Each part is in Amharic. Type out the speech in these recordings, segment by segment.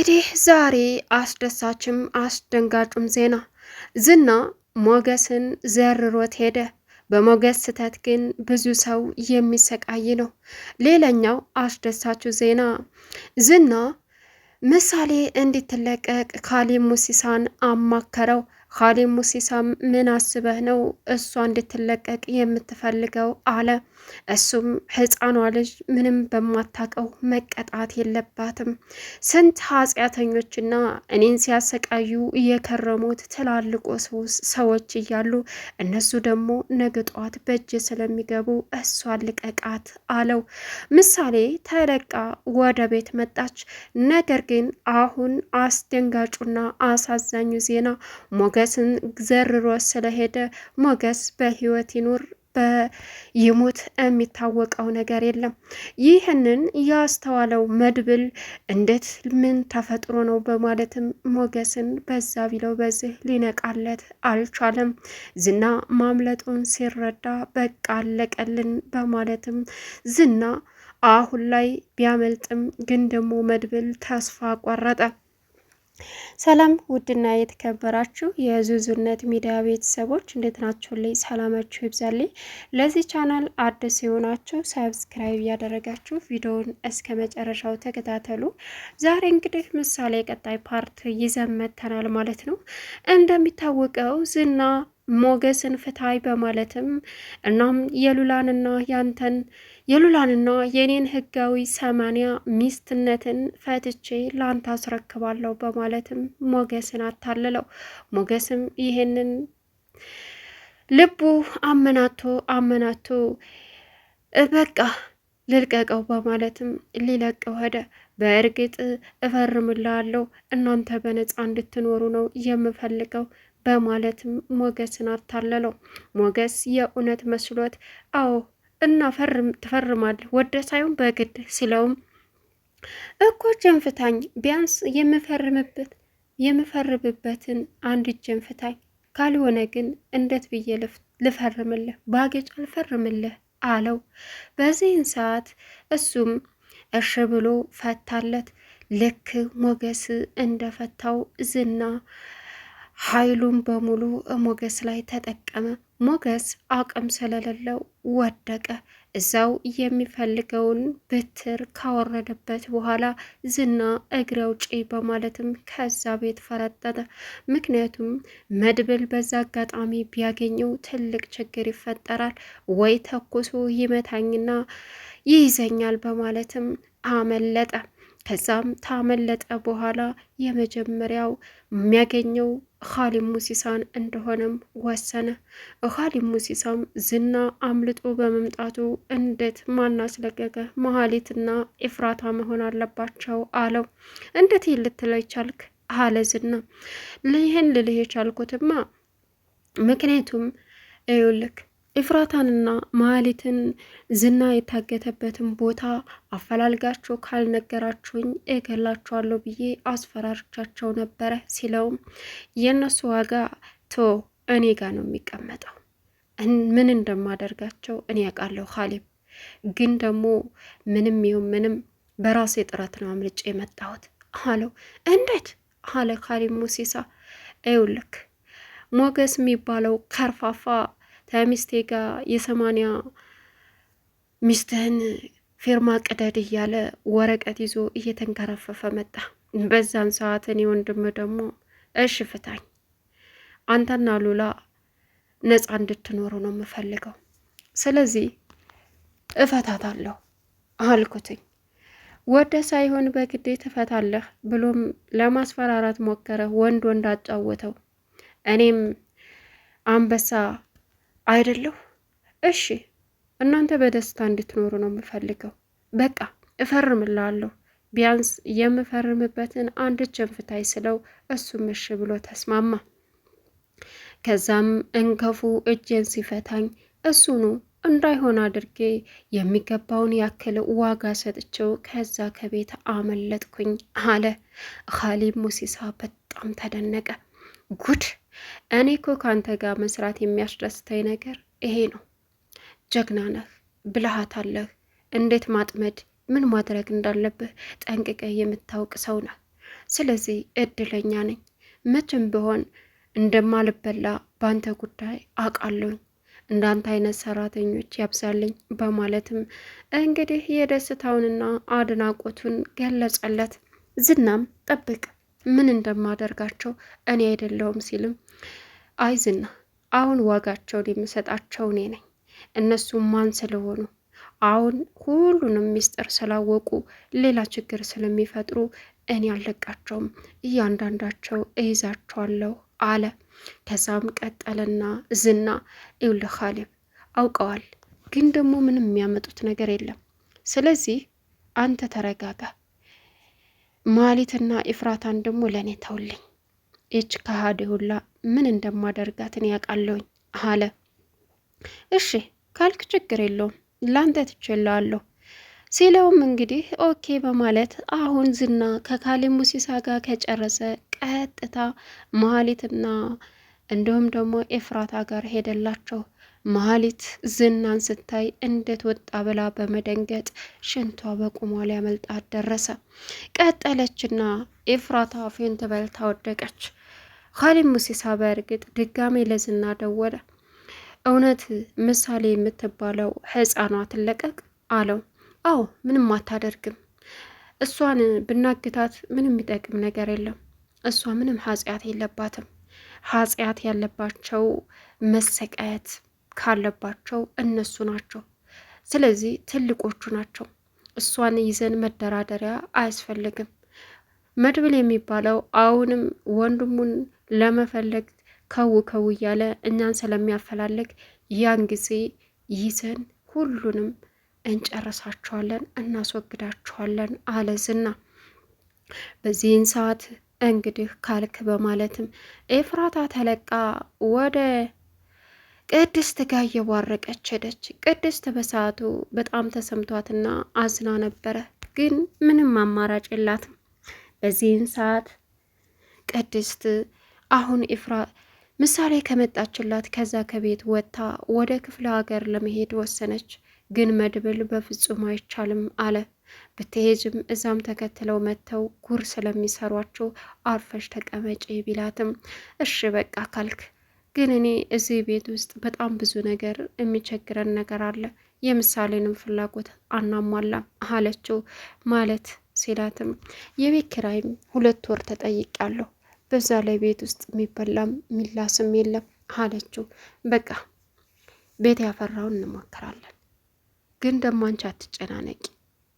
እንግዲህ ዛሬ አስደሳችም አስደንጋጩም ዜና ዝና ሞገስን ዘርሮት ሄደ። በሞገስ ስህተት ግን ብዙ ሰው የሚሰቃይ ነው። ሌላኛው አስደሳችሁ ዜና ዝና ምሳሌ እንዲትለቀቅ ካሊ ሙሲሳን አማከረው። ኻሊብ ሙሲሳም ምን አስበህ ነው እሷ እንድትለቀቅ የምትፈልገው አለ። እሱም ሕፃኗ ልጅ ምንም በማታቀው መቀጣት የለባትም። ስንት ኃጢአተኞችና እኔን ሲያሰቃዩ የከረሙት ትላልቆ ሰዎች እያሉ እነሱ ደግሞ ነገ ጠዋት በእጅ ስለሚገቡ እሷን ልቀቃት አለው። ምሳሌ ተለቃ ወደ ቤት መጣች። ነገር ግን አሁን አስደንጋጩና አሳዛኙ ዜና ሞገ ሞገስን ዘርሮ ስለሄደ ሞገስ በህይወት ይኑር ይሙት የሚታወቀው ነገር የለም። ይህንን ያስተዋለው መድብል እንዴት ምን ተፈጥሮ ነው በማለትም ሞገስን በዛ ቢለው በዚህ ሊነቃለት አልቻለም። ዝና ማምለጡን ሲረዳ በቃ አለቀልን በማለትም ዝና አሁን ላይ ቢያመልጥም ግን ደግሞ መድብል ተስፋ ቆረጠ። ሰላም ውድና የተከበራችሁ የዙዙነት ሚዲያ ቤተሰቦች እንዴት ናችሁልኝ? ሰላማችሁ ይብዛልኝ። ለዚህ ቻናል አዲስ የሆናችሁ ሰብስክራይብ ያደረጋችሁ ቪዲዮውን እስከ መጨረሻው ተከታተሉ። ዛሬ እንግዲህ ምሳሌ ቀጣይ ፓርት ይዘን መጥተናል ማለት ነው። እንደሚታወቀው ዝና ሞገስን ፍታይ በማለትም እናም የሉላንና ያንተን የሉላንና የኔን ህጋዊ ሰማንያ ሚስትነትን ፈትቼ ላንተ አስረክባለሁ በማለትም ሞገስን አታልለው። ሞገስም ይሄንን ልቡ አመናቶ አመናቶ በቃ ልልቀቀው በማለትም ሊለቀው ሄደ። በእርግጥ እፈርምላለሁ እናንተ በነፃ እንድትኖሩ ነው የምፈልገው በማለት ሞገስን አታለለው። ሞገስ የእውነት መስሎት አዎ እና ፈርም ትፈርማል ወደ ሳይሆን በግድ ሲለውም እኮ እጄን ፍታኝ ቢያንስ የምፈርምበት የምፈርምበትን አንድ እጄን ፍታኝ ካልሆነ ግን እንዴት ብዬ ልፈርምልህ ባጌጫ ልፈርምልህ አለው። በዚህን ሰዓት እሱም እሽ ብሎ ፈታለት። ልክ ሞገስ እንደፈታው ዝና ኃይሉን በሙሉ ሞገስ ላይ ተጠቀመ። ሞገስ አቅም ስለሌለው ወደቀ። እዛው የሚፈልገውን ብትር ካወረደበት በኋላ ዝና እግሬ አውጪኝ በማለትም ከዛ ቤት ፈረጠጠ። ምክንያቱም መድብል በዛ አጋጣሚ ቢያገኘው ትልቅ ችግር ይፈጠራል። ወይ ተኩሶ ይመታኝና ይይዘኛል በማለትም አመለጠ። ከዛም ታመለጠ በኋላ የመጀመሪያው የሚያገኘው ኻሊብ ሙሲሳን እንደሆነም ወሰነ። ኻሊብ ሙሲሳም ዝና አምልጦ በመምጣቱ እንዴት ማናስለቀቀ መሀሊትና ኢፍራታ መሆን አለባቸው አለው። እንዴት ልትለው ቻልክ አለ ዝና። ይህን ልልህ የቻልኩትማ ምክንያቱም ይኸውልህ ኤፍራታንና መሀሊትን ዝና የታገተበትን ቦታ አፈላልጋቸው ካልነገራችሁኝ እገላችኋለሁ ብዬ አስፈራርቻቸው ነበረ ሲለውም የእነሱ ዋጋ ቶ እኔ ጋር ነው የሚቀመጠው። ምን እንደማደርጋቸው እኔ ያውቃለሁ ኻሊብ፣ ግን ደግሞ ምንም ይሁን ምንም በራሴ ጥረት ነው አምልጬ የመጣሁት አለው። እንዴት አለ ካሊብ ሙሲሳ። ይኸውልህ ሞገስ የሚባለው ከርፋፋ ተሚስቴ ጋር የሰማንያ ሚስትህን ፌርማ ቅደድ እያለ ወረቀት ይዞ እየተንከረፈፈ መጣ። በዛን ሰዓት እኔ ወንድም ደግሞ እሽ ፍታኝ፣ አንተና ሉላ ነፃ እንድትኖሩ ነው የምፈልገው፣ ስለዚህ እፈታታለሁ አልኩትኝ። ወደ ሳይሆን በግዴ ትፈታለህ ብሎም ለማስፈራራት ሞከረ። ወንድ ወንድ አጫወተው። እኔም አንበሳ አይደለሁ? እሺ፣ እናንተ በደስታ እንድትኖሩ ነው የምፈልገው። በቃ እፈርምላለሁ። ቢያንስ የምፈርምበትን አንድ ጀንፍታይ ስለው እሱም እሺ ብሎ ተስማማ። ከዛም እንከፉ እጄን ሲፈታኝ እሱኑ እንዳይሆን አድርጌ የሚገባውን ያክል ዋጋ ሰጥቼው ከዛ ከቤት አመለጥኩኝ አለ። ኻሊብ ሙሲሳ በጣም ተደነቀ። ጉድ እኔ እኮ ከአንተ ጋር መስራት የሚያስደስተኝ ነገር ይሄ ነው። ጀግና ነህ፣ ብልሃት አለህ፣ እንዴት ማጥመድ ምን ማድረግ እንዳለብህ ጠንቅቀህ የምታውቅ ሰው ነህ። ስለዚህ እድለኛ ነኝ። መቼም ቢሆን እንደማልበላ በአንተ ጉዳይ አውቃለሁ። እንዳንተ አይነት ሰራተኞች ያብዛልኝ በማለትም እንግዲህ የደስታውንና አድናቆቱን ገለጸለት። ዝናም ጠብቅ ምን እንደማደርጋቸው እኔ አይደለሁም ሲልም አይዝና አሁን ዋጋቸውን የምሰጣቸው እኔ ነኝ። እነሱም ማን ስለሆኑ አሁን ሁሉንም ምስጢር ስላወቁ ሌላ ችግር ስለሚፈጥሩ እኔ አልለቃቸውም፣ እያንዳንዳቸው እይዛቸዋለሁ አለ። ከዛም ቀጠለና ዝና ይኸውልህ ካሌብ አውቀዋል፣ ግን ደግሞ ምንም የሚያመጡት ነገር የለም። ስለዚህ አንተ ተረጋጋ፣ ማሊትና ኢፍራታን ደግሞ ለእኔ ተውልኝ፣ ይች ከሃዲ ሁላ ምን እንደማደርጋትን ያውቃለውኝ አለ። እሺ ካልክ ችግር የለውም ላንተ ትችላለሁ ሲለውም እንግዲህ ኦኬ በማለት አሁን ዝና ከካሌ ሙሲሳ ጋር ከጨረሰ ቀጥታ ማሊትና እንዲሁም ደግሞ ኤፍራታ ጋር ሄደላቸው። መሀሊት ዝናን ስታይ እንዴት ወጣ ብላ በመደንገጥ ሽንቷ በቁሟ ሊያመልጣ ደረሰ። ቀጠለችና ኤፍራታ ፌንት በልታ ወደቀች። ኻሊድ ሙሲሳ በእርግጥ ድጋሜ ለዝና ደወለ። እውነት ምሳሌ የምትባለው ሕፃኗ ትለቀቅ አለው። አዎ ምንም አታደርግም። እሷን ብናግታት ምንም የሚጠቅም ነገር የለም። እሷ ምንም ኃጢአት የለባትም። ኃጢአት ያለባቸው መሰቃየት ካለባቸው እነሱ ናቸው። ስለዚህ ትልቆቹ ናቸው። እሷን ይዘን መደራደሪያ አያስፈልግም። መድብል የሚባለው አሁንም ወንድሙን ለመፈለግ ከው ከው እያለ እኛን ስለሚያፈላልግ ያን ጊዜ ይዘን ሁሉንም እንጨርሳቸዋለን፣ እናስወግዳቸዋለን አለ ዝና። በዚህን ሰዓት እንግዲህ ካልክ በማለትም ኤፍራታ ተለቃ ወደ ቅድስት ጋ እየቧረቀች ሄደች። ቅድስት በሰዓቱ በጣም ተሰምቷትና አዝና ነበረ፣ ግን ምንም አማራጭ የላትም። በዚህን ሰዓት ቅድስት አሁን ኢፍራ ምሳሌ ከመጣችላት ከዛ ከቤት ወጥታ ወደ ክፍለ ሀገር ለመሄድ ወሰነች። ግን መድብል በፍጹም አይቻልም አለ። ብትሄጅም እዛም ተከትለው መጥተው ጉር ስለሚሰሯቸው አርፈሽ ተቀመጪ ቢላትም እሺ በቃ ካልክ ግን እኔ እዚህ ቤት ውስጥ በጣም ብዙ ነገር የሚቸግረን ነገር አለ፣ የምሳሌንም ፍላጎት አናሟላም አለችው። ማለት ሲላትም የቤት ኪራይም ሁለት ወር ተጠይቄያለሁ፣ በዛ ላይ ቤት ውስጥ የሚበላም የሚላስም የለም አለችው። በቃ ቤት ያፈራውን እንሞክራለን፣ ግን ደግሞ አንቺ አትጨናነቂ።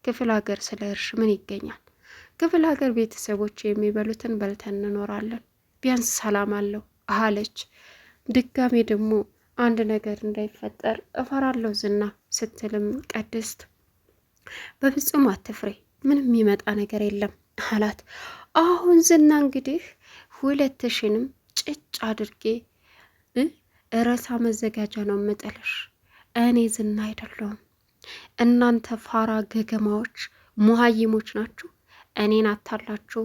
ክፍለ ሀገር ስለ እርሽ ምን ይገኛል? ክፍለ ሀገር ቤተሰቦች የሚበሉትን በልተን እንኖራለን፣ ቢያንስ ሰላም አለው አለች። ድጋሜ ደግሞ አንድ ነገር እንዳይፈጠር እፈራለሁ ዝና ስትልም ቅድስት በፍጹም አትፍሬ ምንም የሚመጣ ነገር የለም አላት። አሁን ዝና እንግዲህ ሁለትሽንም ጭጭ አድርጌ እረሳ መዘጋጃ ነው የምጥልሽ። እኔ ዝና አይደለሁም። እናንተ ፋራ ገገማዎች ሙሀይሞች ናችሁ። እኔን አታላችሁ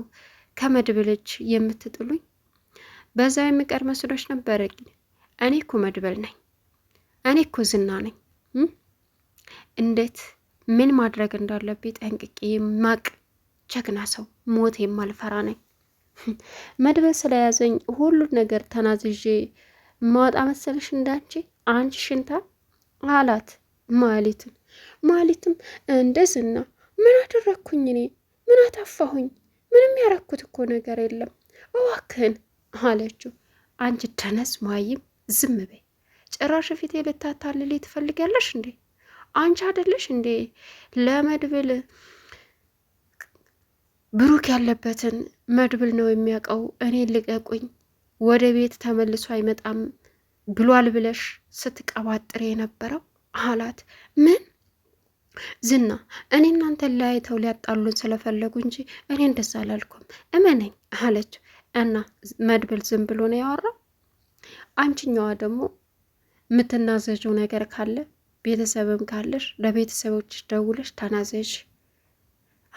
ከመድብልች የምትጥሉኝ በዛ የሚቀር መስሎች ነበረ። እኔ እኮ መድበል ነኝ፣ እኔ እኮ ዝና ነኝ። እንዴት ምን ማድረግ እንዳለብኝ ጠንቅቄ ማቅ ጀግና ሰው፣ ሞት የማልፈራ ነኝ። መድበል ስለያዘኝ ሁሉን ነገር ተናዝዤ ማወጣ መሰለሽ እንዳንቺ አንቺ ሽንታ አላት። ማሊትም ማሊትም እንደ ዝና ምን አደረግኩኝ? እኔ ምን አታፋሁኝ ምንም ያረኩት እኮ ነገር የለም እዋክህን አለችው። አንቺ ተነስ ማይም ዝም በይ! ጭራሽ ፊቴ ልታታልል ትፈልጊያለሽ እንዴ? አንቺ አይደለሽ እንዴ ለመድብል ብሩክ ያለበትን መድብል ነው የሚያውቀው። እኔ ልቀቁኝ፣ ወደ ቤት ተመልሶ አይመጣም ብሏል ብለሽ ስትቀባጥር የነበረው አላት። ምን ዝና፣ እኔ እናንተን ለያይተው ሊያጣሉን ስለፈለጉ እንጂ እኔ እንደዛ አላልኩም እመነኝ አለችው። እና መድብል ዝም ብሎ ነው ያወራው። አንቺኛዋ ደግሞ የምትናዘዥው ነገር ካለ ቤተሰብም ካለሽ ለቤተሰቦች ደውለሽ ተናዘዥ፣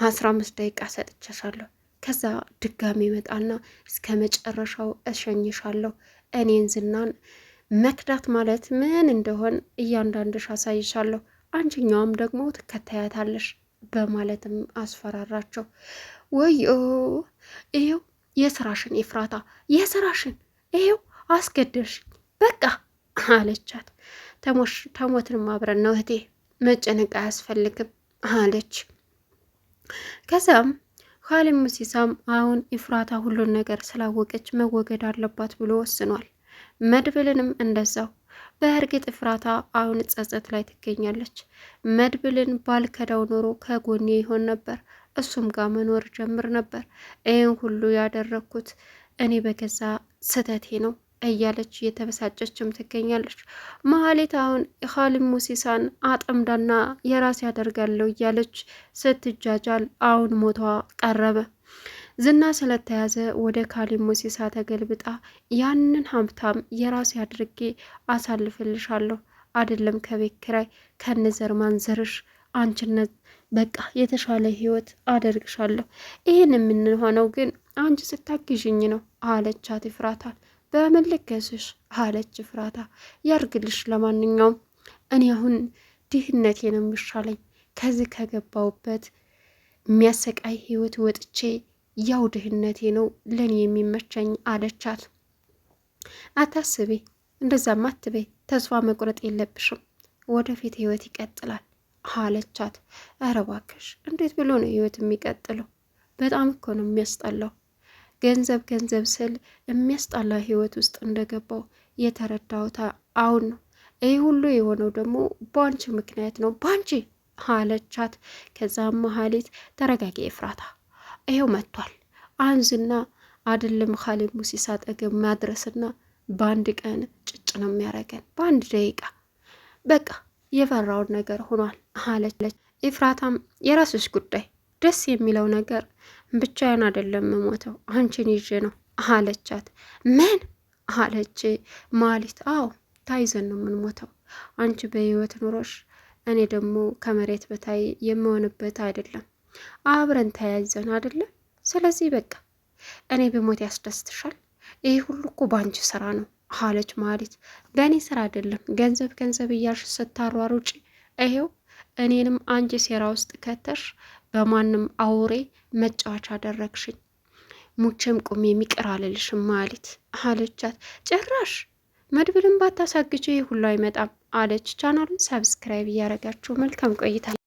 አስራ አምስት ደቂቃ ሰጥቼሻለሁ። ከዛ ድጋሚ ይመጣና እስከ መጨረሻው እሸኝሻለሁ። እኔን ዝናን መክዳት ማለት ምን እንደሆን እያንዳንድሽ አሳይሻለሁ። አንቺኛዋም ደግሞ ትከታያታለሽ በማለትም አስፈራራቸው። ወዮ ይኸው የስራሽን ኤፍራታ የስራሽን ይሄው አስገደልሽኝ በቃ አለቻት። ተሞትንም አብረን ነው እህቴ መጨነቅ አያስፈልግም አለች። ከዛም ካሌብ ሙሲሳም አሁን ኤፍራታ ሁሉን ነገር ስላወቀች መወገድ አለባት ብሎ ወስኗል። መድብልንም እንደዛው። በእርግጥ ኤፍራታ አሁን ጸጸት ላይ ትገኛለች። መድብልን ባልከዳው ኖሮ ከጎኔ ይሆን ነበር እሱም ጋር መኖር ጀምር ነበር። ይህን ሁሉ ያደረግኩት እኔ በገዛ ስህተቴ ነው እያለች እየተበሳጨችም ትገኛለች። መሀሌት አሁን ኻሊብ ሙሲሳን አጠምዳና የራስ ያደርጋለሁ እያለች ስትጃጃል አሁን ሞቷ ቀረበ። ዝና ስለተያዘ ወደ ኻሊብ ሙሲሳ ተገልብጣ ያንን ሀብታም የራሴ አድርጌ አሳልፍልሻለሁ፣ አይደለም ከቤት ኪራይ ከነዘር ማንዘርሽ አንቺነት በቃ የተሻለ ህይወት አደርግሻለሁ። ይህን የምንሆነው ግን አንቺ ስታግዥኝ ነው አለቻት ይፍራታ። በምን አለች ፍራታ ያርግልሽ። ለማንኛውም እኔ አሁን ድህነቴ ነው የሚሻለኝ። ከዚህ ከገባውበት የሚያሰቃይ ህይወት ወጥቼ ያው ድህነቴ ነው ለእኔ የሚመቸኝ አለቻት። አታስቤ፣ እንደዛም አትቤ፣ ተስፋ መቁረጥ የለብሽም። ወደፊት ህይወት ይቀጥላል። አለቻት። ኧረ እባክሽ እንዴት ብሎ ነው ህይወት የሚቀጥለው? በጣም እኮ ነው የሚያስጠላው። ገንዘብ ገንዘብ ስል የሚያስጠላ ህይወት ውስጥ እንደገባው የተረዳሁት አሁን ነው። ይህ ሁሉ የሆነው ደግሞ በአንቺ ምክንያት ነው፣ በአንቺ አለቻት። ከዛም መሀሊት ተረጋጊ ፍራታ ይኸው መጥቷል አንዝና አይደለም ኻሊብ ሙሲሳ አጠገብ ማድረስና በአንድ ቀን ጭጭ ነው የሚያደርገን፣ በአንድ ደቂቃ በቃ የፈራውን ነገር ሆኗል አለች። ኢፍራታም የራስሽ ጉዳይ፣ ደስ የሚለው ነገር ብቻዬን አይደለም የምሞተው አንቺን ይዤ ነው አለቻት። ምን አለች ማሊት? አዎ ታይዘን ነው የምንሞተው። አንቺ በህይወት ኑሮሽ፣ እኔ ደግሞ ከመሬት በታይ የምሆንበት አይደለም። አብረን ተያይዘን አይደለም። ስለዚህ በቃ እኔ በሞት ያስደስትሻል። ይህ ሁሉ እኮ በአንቺ ስራ ነው አለች ማህሌት። በእኔ ስራ አይደለም ገንዘብ ገንዘብ እያልሽ ስታሯሩጪ ይሄው እኔንም አንቺ ሴራ ውስጥ ከተሽ በማንም አውሬ መጫወቻ አደረግሽኝ። ሙቼም ቁም የሚቀር አልልሽም ማህሌት አለቻት። ጭራሽ መድብልን ባታሳግጅ ይህ ሁሉ አይመጣም አለች። ቻናሉን ሰብስክራይብ እያደረጋችሁ መልካም ቆይታ